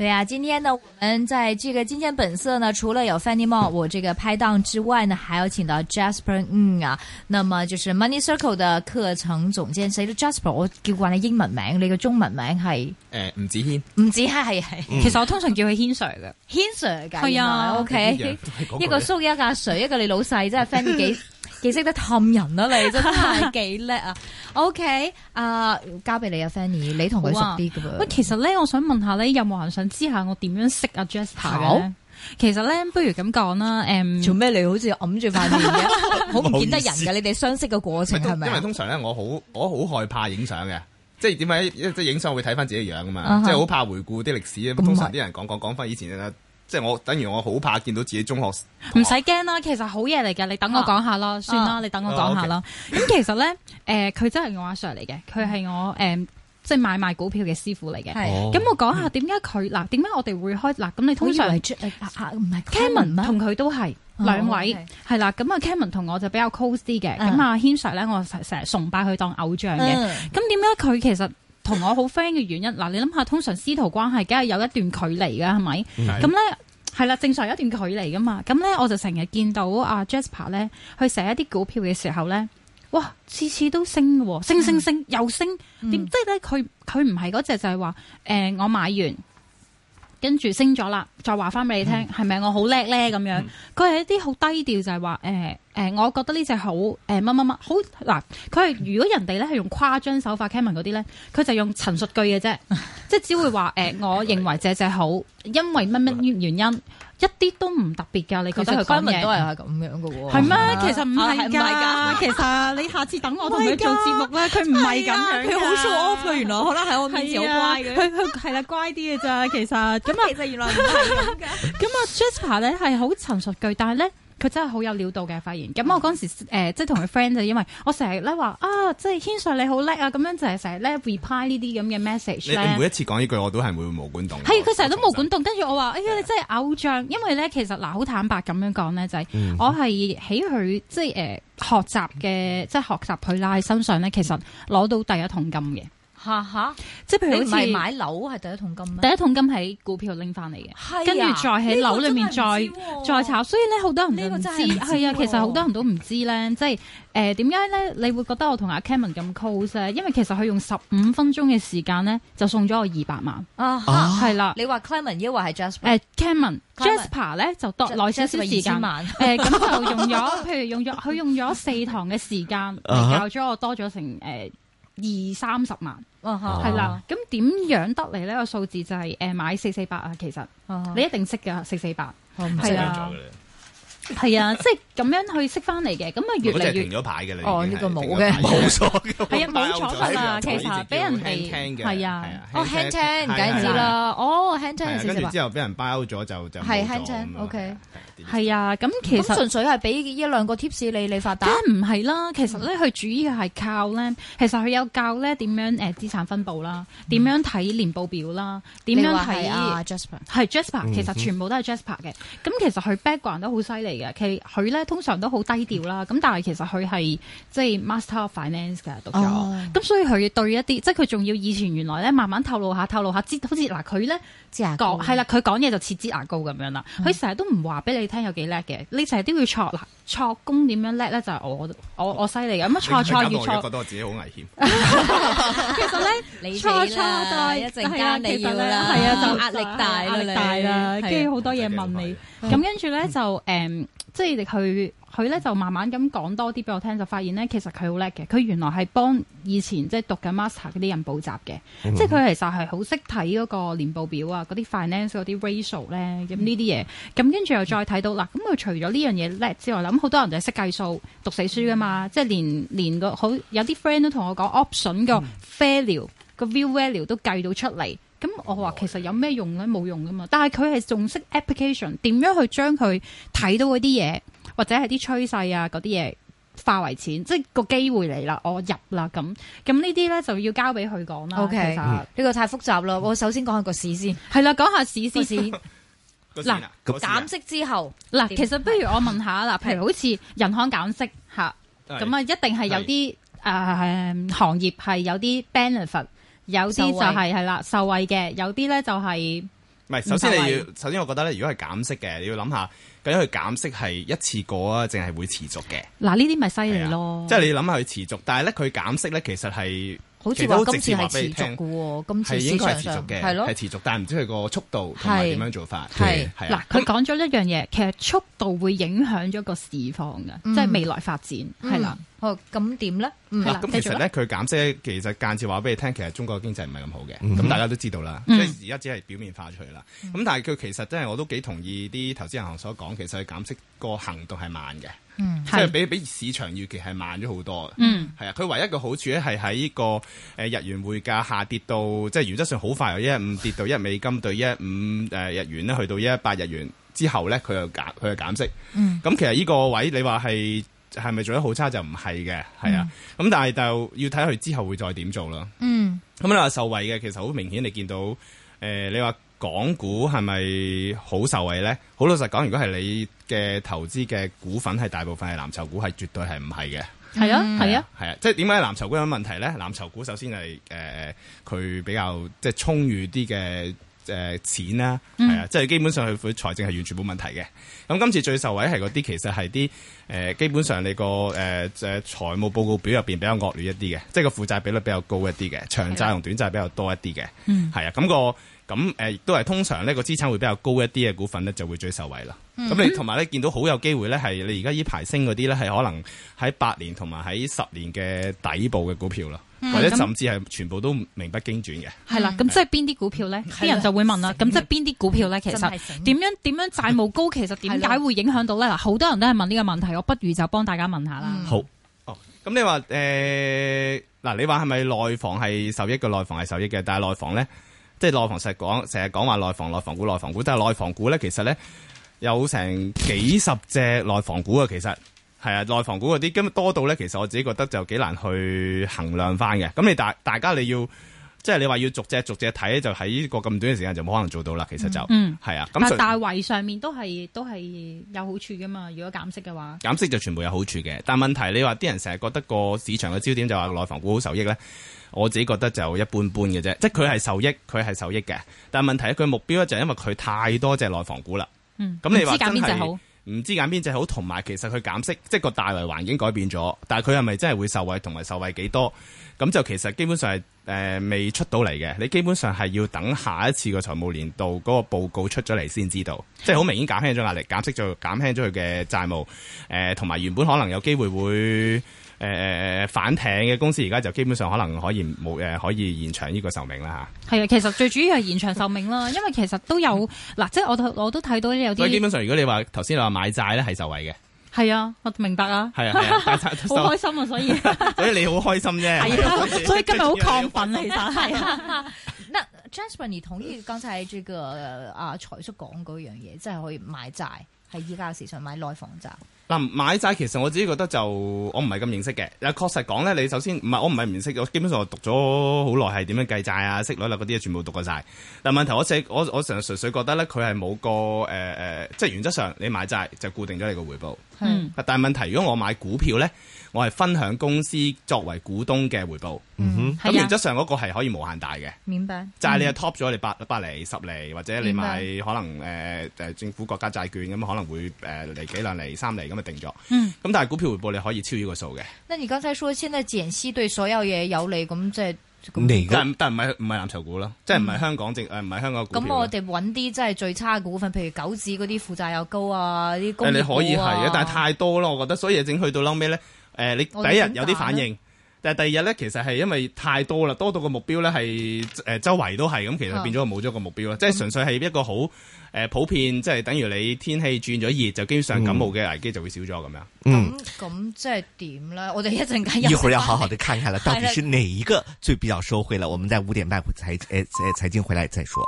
對啊，今天呢，我們在這個《金錢本色》呢，除了有 Fanny Mok，我這個拍檔之外呢，還有請到 Jasper，嗯啊，那麼就是 Money Circle 的課程總監 Sir Jasper，我叫慣你英文名，你個中文名係誒吳子軒，吳子軒係係，軒嗯、其實我通常叫佢軒 Sir 嘅，軒 Sir 噶，係啊呀，OK，個一個叔，一個 Sir，一個你老細， 真係 friend 幾。幾識得氹人啊，你真係幾叻啊。OK 啊、uh, 交俾你啊 Fanny 你同佢熟啲噶喎。喂，其實咧，我想問下咧，有冇人想知下我點樣識啊 Jasper？好其實咧，不如咁講啦，誒做咩你好似揞住塊面嘅，好唔見得人㗎事你哋相識嘅過程係咪是因為通常咧我好我好害怕影相嘅，即係點解，即係影相會睇翻自己樣㗎嘛、uh huh. 即係好怕回顧啲歷史，通常啲人講講講翻以前即係我，等於我好怕見到自己中學。唔使驚啦，其實好嘢嚟嘅。你等我講下咯，算啦，你等我講下咯。咁其實咧，誒佢真係我阿 Sir 嚟嘅，佢係我誒即係買賣股票嘅師傅嚟嘅。咁我講下點解佢嗱點解我哋會開嗱咁？你通常唔係 Cameron 同佢都係兩位係啦。咁啊，Cameron 同我就比較 close 啲嘅。咁啊，軒 Sir 咧，我成成日崇拜佢當偶像嘅。咁點解佢其實同 我好 friend 嘅原因嗱，你諗下，通常師徒關係梗係有一段距離噶，係咪？咁咧係啦，正常有一段距離噶嘛。咁咧我就成日見到阿 Jasper 咧去寫一啲股票嘅時候咧，哇，次次都升嘅喎，升升升又升，點即係咧佢佢唔係嗰隻就係話誒我買完。跟住升咗啦，再話翻俾你聽，係咪、嗯、我好叻咧咁樣？佢係、嗯、一啲好低調，就係話誒誒，我覺得呢隻好誒乜乜乜好嗱。佢係如果人哋咧係用誇張手法 comment 嗰啲咧，佢 就用陳述句嘅啫， 即係只會話誒、呃，我認為這隻好，因為乜乜原因。 一啲都唔特別㗎，你覺得佢講嘢都係咁樣嘅喎？係咩？其實唔係㗎，其實你下次等我同佢做節目咧，佢唔係咁樣，佢好 soft 嘅原來，可能喺我面前好乖嘅，佢佢係啦乖啲嘅咋，其實咁啊，其實原來唔係咁嘅，咁啊 Jasper 咧係好成熟巨大咧。佢真係好有料到嘅發現。咁我嗰陣時、呃、即係同佢 friend 就因為我成日咧話啊，即係軒 Sir 你好叻啊，咁樣就係成日咧 reply 呢啲咁嘅 message 你，你每一次講呢句我都係會冇管動。係佢成日都冇管動，跟住我話：哎呀，你真係偶像。因為咧，其實嗱，好、呃、坦白咁樣講咧，就係、是、我係喺佢即係誒學習嘅，即係學習佢喇喺身上咧，其實攞到第一桶金嘅。嚇嚇！即係譬如好似買樓係第一桶金，第一桶金喺股票拎翻嚟嘅，跟住再喺樓裏面再再炒。所以咧，好多人都唔知係啊。其實好多人都唔知咧，即係誒點解咧？你會覺得我同阿 Cameron 咁 close 咧？因為其實佢用十五分鐘嘅時間咧，就送咗我二百萬啊！係啦，你話 Cameron 要話係 Just 誒 Cameron Jasper 咧，就多耐少少時間誒，咁就用咗，譬如用咗佢用咗四堂嘅時間嚟教咗我多咗成誒。二三十萬，係啦、啊哈。咁點樣得嚟呢個數字就係、是、誒、呃、買四四八啊。其實、啊、哈你一定識噶，四四八係啊。的係啊，即係咁樣去識翻嚟嘅，咁啊越嚟越停咗牌嘅啦。哦，呢個冇嘅，冇錯嘅，係啊，冇錯啦。其實俾人哋聽嘅係啊，哦，hand check，唔介意知啦。哦，hand check，跟住之後俾人包咗就就係 hand check，OK，係啊。咁其實咁純粹係俾一兩個 tips 你，你發達梗唔係啦。其實咧，佢主要係靠咧，其實佢有教咧點樣誒資產分佈啦，點樣睇年報表啦，點樣睇啊，Jasper，係 Jasper，其實全部都係 Jasper 嘅。咁其實佢 background 都好犀利。佢佢咧通常都好低調啦，咁但係其實佢係即係 master of finance 嘅讀咗，咁所以佢對一啲即係佢仲要以前原來咧慢慢透露下透露下，好似嗱佢咧講係啦，佢講嘢就切支牙膏咁樣啦，佢成日都唔話俾你聽有幾叻嘅，你成日都要挫嗱挫工點樣叻咧就係我我我犀利咁啊！挫挫越挫，我覺得我自己好危險。其實咧，挫挫代就係其實咧，係啊，壓力大壓力大啦，跟住好多嘢問你。咁、嗯、跟住咧就誒、嗯、即係佢佢咧就慢慢咁講多啲俾我聽，就發現咧其實佢好叻嘅。佢原來係幫以前、就是嗯、即係讀緊 master 嗰啲人補習嘅，即係佢其實係好識睇嗰個年報表啊，嗰啲 finance 嗰啲 ratio 咧咁呢啲嘢。咁、嗯嗯、跟住又再睇到啦。咁、嗯、佢、嗯、除咗呢樣嘢叻之外，咁好多人就係識計數、讀死書噶嘛。嗯、即係連連個好有啲 friend 都同我講 option、嗯、個 fair value 個 view value 都計到出嚟。咁我話其實有咩用咧冇用噶嘛，但係佢係仲識 application 點樣去將佢睇到嗰啲嘢或者係啲趨勢啊嗰啲嘢化為錢，即係個機會嚟啦，我入啦咁咁呢啲咧就要交俾佢講啦。OK，呢個太複雜咯，我首先講下個市先。係啦，講下市先先。嗱，減息之後，嗱，其實不如我問下啦，譬如好似銀行減息吓，咁啊一定係有啲誒行業係有啲 benefit。有啲就係係啦，受惠嘅；有啲咧就係唔係。首先你要，首先我覺得咧，如果係減息嘅，你要諗下，究竟佢減息係一次過啊，定係會持續嘅？嗱，呢啲咪犀利咯。即係你諗下佢持續，但係咧佢減息咧，其實係好似話今次係持續嘅喎，今次係應該係持續嘅，係持續，但係唔知佢個速度同埋點樣做法係。嗱，佢講咗一樣嘢，其實速度會影響咗個市況嘅，即係未來發展係啦。咁點咧？嗱、哦，咁其實咧，佢減息其實間接話俾你聽，其實中國嘅經濟唔係咁好嘅，咁、嗯、大家都知道啦。即係而家只係表面化咗出嚟啦。咁、嗯嗯、但係佢其實真係我都幾同意啲投資銀行所講，其實佢減息個行動係慢嘅，嗯、即係比比市場預期係慢咗好多。嗯，係啊，佢唯一嘅好處咧係喺呢個誒日元匯價下跌到即係、就是、原則上好快由一五跌到一美金對一五誒日元咧，去到一八日元之後咧，佢又減佢又減息。咁、嗯、其實呢個位你話係。係咪做得好差就唔係嘅，係啊，咁但係就要睇佢之後會再點做咯。嗯，咁你話、嗯、受惠嘅其實好明顯你、呃，你見到誒，你話港股係咪好受惠咧？好老實講，如果係你嘅投資嘅股份係大部分係藍籌股，係絕對係唔係嘅。係啊、嗯，係啊，係啊，即係點解藍籌股有問題咧？藍籌股首先係誒，佢、呃、比較即係充裕啲嘅。誒，錢啦，係啊，即係、嗯啊就是，基本上佢財政係完全冇問題嘅。咁今次最受惠係嗰啲，其實係啲誒，基本上你個誒誒財務報告表入邊比較惡劣一啲嘅，即係個負債比率比較高一啲嘅，長債同短債比較多一啲嘅。嗯，係啊，咁，那個咁誒，亦，呃，都係通常呢個資產會比較高一啲嘅股份呢，就會最受惠啦。咁，嗯，你同埋咧見到好有機會咧，係你而家呢排升嗰啲咧，係可能喺八年同埋喺十年嘅底部嘅股票啦。或者甚至係全部都名不經傳嘅，係啦。咁即係邊啲股票咧？啲的人就會問啦。咁 的即係邊啲股票咧？其實點樣點樣債務高？ 其實點解會影響到咧？嗱的，好多人都係問呢個問題。我不如就幫大家問下啦。嗯、好。哦。咁你話誒嗱，你話係咪內房係受益嘅？內房係受益嘅，但係內房咧，即係內房實講，成日講話內房內房股內房股，但係內房股咧，其實咧有成幾十隻內房股啊，其實。係啊，內房股嗰啲咁多到咧，其實我自己覺得就幾難去衡量翻嘅。咁你大大家你要即係你話要逐隻逐隻睇，就喺呢個咁短嘅時間就冇可能做到啦。其實就係、嗯嗯、啊，咁但係大圍上面都係都係有好處噶嘛。如果減息嘅話，減息就全部有好處嘅。但問題你話啲人成日覺得個市場嘅焦點就係內房股好受益咧，我自己覺得就一般般嘅啫。即係佢係受益，佢係受益嘅。但問題佢目標咧就因為佢太多隻內房股啦。咁、嗯嗯、你話真係。唔知揀邊隻好，同埋其實佢減息，即係個大圍環境改變咗，但係佢係咪真係會受惠，同埋受惠幾多？咁就其實基本上係誒、呃、未出到嚟嘅。你基本上係要等下一次個財務年度嗰個報告出咗嚟先知道，即係好明顯減輕咗壓力，減息就減輕咗佢嘅債務，誒同埋原本可能有機會會。誒誒誒反艇嘅公司而家就基本上可能可以冇誒、呃、可以延長呢個壽命啦嚇。係啊、嗯，其實最主要係延長壽命啦， 因為其實都有嗱、啊，即係我我都睇到有啲。所以基本上如果你話頭先你話買債咧係受惠嘅。係啊，我明白啊。係啊，好、啊、 開心啊，所以 所以你好開心啫。啊、 所以今日好亢奮嚟㗎。係啊 。那 Jasper 你同意剛才這個財叔講嗰樣嘢，即係可以買債係依家時尚買內房債？嗱，買債其實我自己覺得就我唔係咁認識嘅。但確實講咧，你首先唔係我唔係唔識，我基本上我讀咗好耐係點樣計債啊、息率啦嗰啲，全部讀過晒。但問題我寫我我成日純粹覺得咧，佢係冇個誒誒、呃呃，即係原則上你買債就固定咗你個回報。嗯，但係問題，如果我買股票咧，我係分享公司作為股東嘅回報。嗯哼，咁、嗯、原則上嗰個係可以無限大嘅。明白。嗯、就係你係 top 咗你八八釐、十釐，或者你買、明白、可能誒誒、呃、政府國家債券咁，可能會誒嚟幾兩釐、三釐咁就定咗。嗯。咁但係股票回報你可以超呢個數嘅。那你剛才說，現在減息對所有嘢有利，咁即係。你而家但但唔係唔係藍籌股咯，即係唔係香港證誒唔係香港股。咁我哋揾啲即係最差嘅股份，譬如九指嗰啲負債又高啊，啲公股。可以係啊，但係太多咯，我覺得。所以整去到嬲尾咧，誒、呃、你第一日有啲反應，但係第二日咧，其實係因為太多啦，多到個目標咧，係、呃、誒周圍都係咁，其實變咗冇咗個目標啦，嗯、即係純粹係一個好誒、呃、普遍，即係等於你天氣轉咗熱就基本上感冒嘅危機就會少咗咁樣。嗯，咁、嗯嗯、即係點咧？我哋一陣間又翻。一會要好好好哋看一下啦。到底是哪一個最比較受惠咧？的我們在五點半財誒誒財經回來再說。